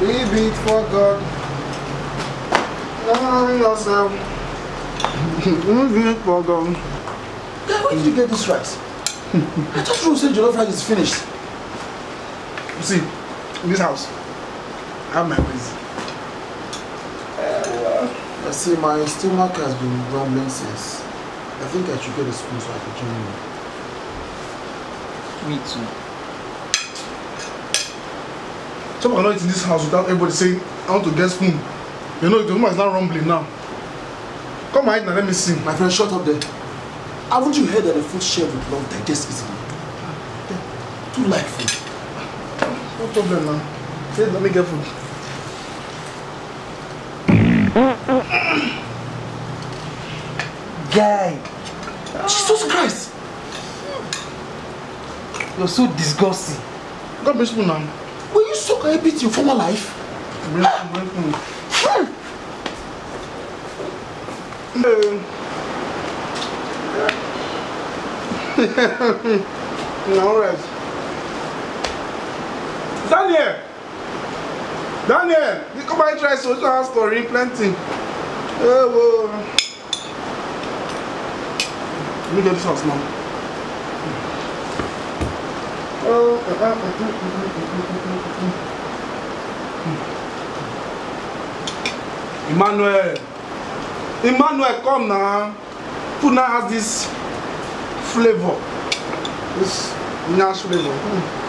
We beat for God. Ah, yourself. We beat for God. Then where did you get this rice? I just wrote say jollof rice is finished. You see, in this house, I have my ways. Uh, I see my stomach has been rumbling since. I think I should get a spoon so I can join you. Me too. chop cannot eat in this house without everybody saying i want to get spoon you know the woman is now rumbling now come hide now let me see. my friend shut up there haven't you heard that the food shared with love digest easily Too light food no problem now? say let me get food. guy jesus christ you're so disgusting. god bless spoon now. Were you so happy in your former life? Hmm. no, all right. Daniel! Daniel! You come and try social house for replanting. Oh, whoa. Let me get this house now. Oh, uh, uh, uh, uh, uh, uh, uh. Emmanuel. Emmanuel, come now. Puna has this flavor. This nice flavor. Mm.